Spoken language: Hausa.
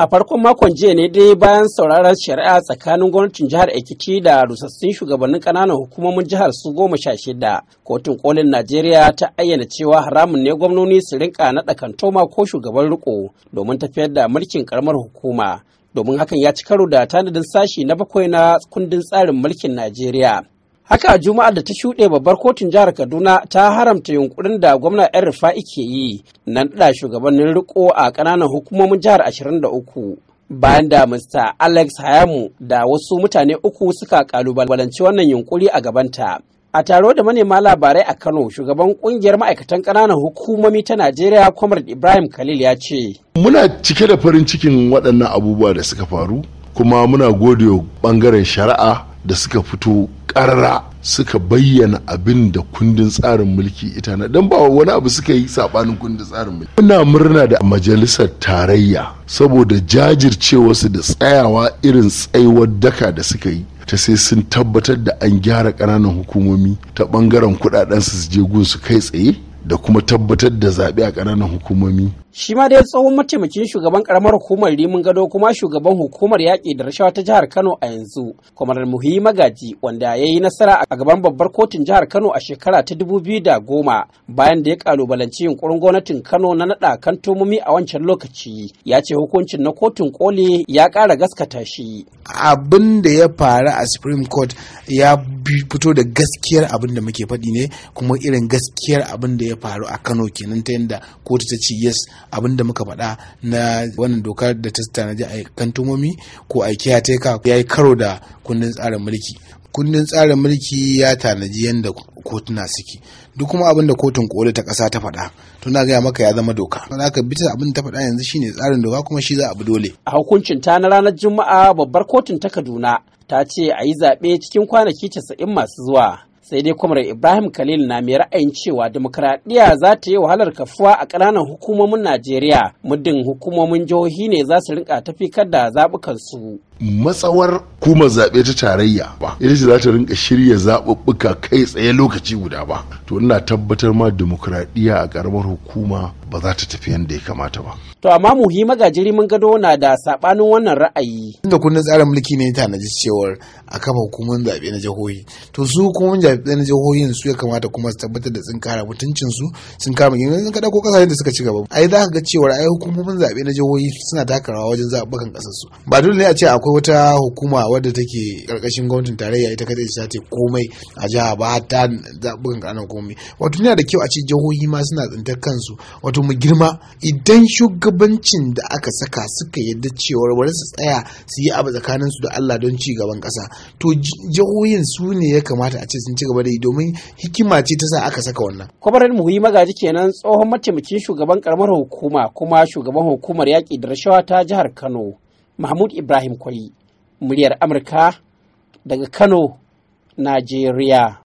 A farkon makon jiya ne dai bayan sauraron shari'a tsakanin gwamnatin jihar Ekiti da rusassun shugabannin ƙananan hukumomin jihar su goma sha shida. Kotun kolin Najeriya ta ayyana cewa haramun ne gwamnoni su rinka naɗa kantoma ko shugaban riko domin tafiyar da mulkin karamar hukuma. Domin hakan ya ci karo da tanadin sashi na bakwai na kundin tsarin mulkin Najeriya. Haka a Juma'ar da ta shuɗe babbar kotun jihar Kaduna ta haramta yunkurin da gwamna 'yan rufa'i ke yi na da shugabannin riko a ƙananan hukumomin jihar 23. Bayan da Mr. Alex Hayamu da wasu mutane uku suka kalubalanci wannan yunkuri a gabanta. A taro da manema labarai a Kano, shugaban kungiyar ma'aikatan ƙananan hukumomi ta Najeriya, Comrade Ibrahim Khalil ya ce. Muna cike da farin cikin waɗannan abubuwa da suka faru, kuma muna gode ɓangaren shari'a da suka fito karara suka bayyana abin da kundin tsarin mulki ita na dan ba wani abu suka yi sabanin kundin tsarin mulki muna murna da majalisar tarayya saboda jajircewarsu da tsayawa irin tsayuwar daka da suka yi ta sai sun tabbatar da an gyara ƙananan hukumomi ta bangaren kuɗaɗen su je gun su kai tsaye da kuma tabbatar da zaɓe a ƙananan hukumomi shi ma dai tsohon mataimakin shugaban karamar hukumar rimin gado kuma shugaban hukumar yaƙi da rashawa ta jihar kano a yanzu kwamar muhimmi magaji wanda ya yi nasara a gaban babbar kotun jihar kano a shekara ta dubu biyu da goma bayan da ya kalubalanci yunkurin gwamnatin kano na naɗa kan kantomomi a wancan lokaci ya ce hukuncin na kotun koli ya ƙara gaskata shi abin da ya faru a supreme court ya fito da gaskiyar abin da muke faɗi ne kuma irin gaskiyar abin da ya faru a kano kenan ta yadda kotu ta ce yes abin da muka faɗa na wannan dokar da ta tanaji a kantumomi ko a teka ya yi karo da kundin tsarin mulki kundin tsarin mulki ya tanaji yadda kotuna suke duk kuma abin da kotun koli ta ƙasa ta faɗa to na gaya maka ya zama doka don haka bisa abin ta faɗa yanzu shine tsarin doka kuma shi za a bi dole a hukuncin ta na ranar juma'a babbar kotun ta kaduna ta ce a yi zaɓe cikin kwanaki casa'in masu zuwa sai dai kwamar ibrahim khalil na mai ra'ayin cewa demokradiyya za ta yi wahalar kafuwa a ƙananan hukumomin najeriya muddin hukumomin jihohi ne za su rinka tafi da zaɓukansu matsawar kuma zaɓe ta tarayya ba ita ce za ta rinka shirya zaɓuɓɓuka kai tsaye lokaci guda ba to ina tabbatar ma dimokuraɗiyya a ƙaramar hukuma ba za ta tafi yadda ya kamata ba. To amma muhi magajiri mun gado na da saɓanin wannan ra'ayi. Inda kundin tsarin mulki ne ta tanaji cewar a kafa hukumar zaɓe na jihohi to su hukumar zaɓe na jihohin su ya kamata kuma su tabbatar da sun kara mutuncin su sun kama gini sun kaɗa ko kasashen da suka ci gaba. Ai za ka ga cewar ai hukumomin zaɓe na jihohi suna taka rawa wajen zaɓuɓɓukan ƙasar su ba dole ne a ce akwai akwai wata hukuma wadda take karkashin gwamnatin tarayya ita kadai ta komai a jiha ba ta zaɓin ƙananan komai wato yana da kyau a ce jihohi ma suna tsintar kansu wato mu girma idan shugabancin da aka saka suka yadda cewa bari su tsaya su yi abu tsakanin su da Allah don ci gaban ƙasa to jihohin su ne ya kamata a ce sun ci gaba da yi domin hikima ce ta sa aka saka wannan. mu yi Magaji kenan tsohon mataimakin shugaban karamar hukuma kuma shugaban hukumar yaƙi da rashawa ta jihar Kano. mahmud ibrahim kwai muryar amurka daga kano najeriya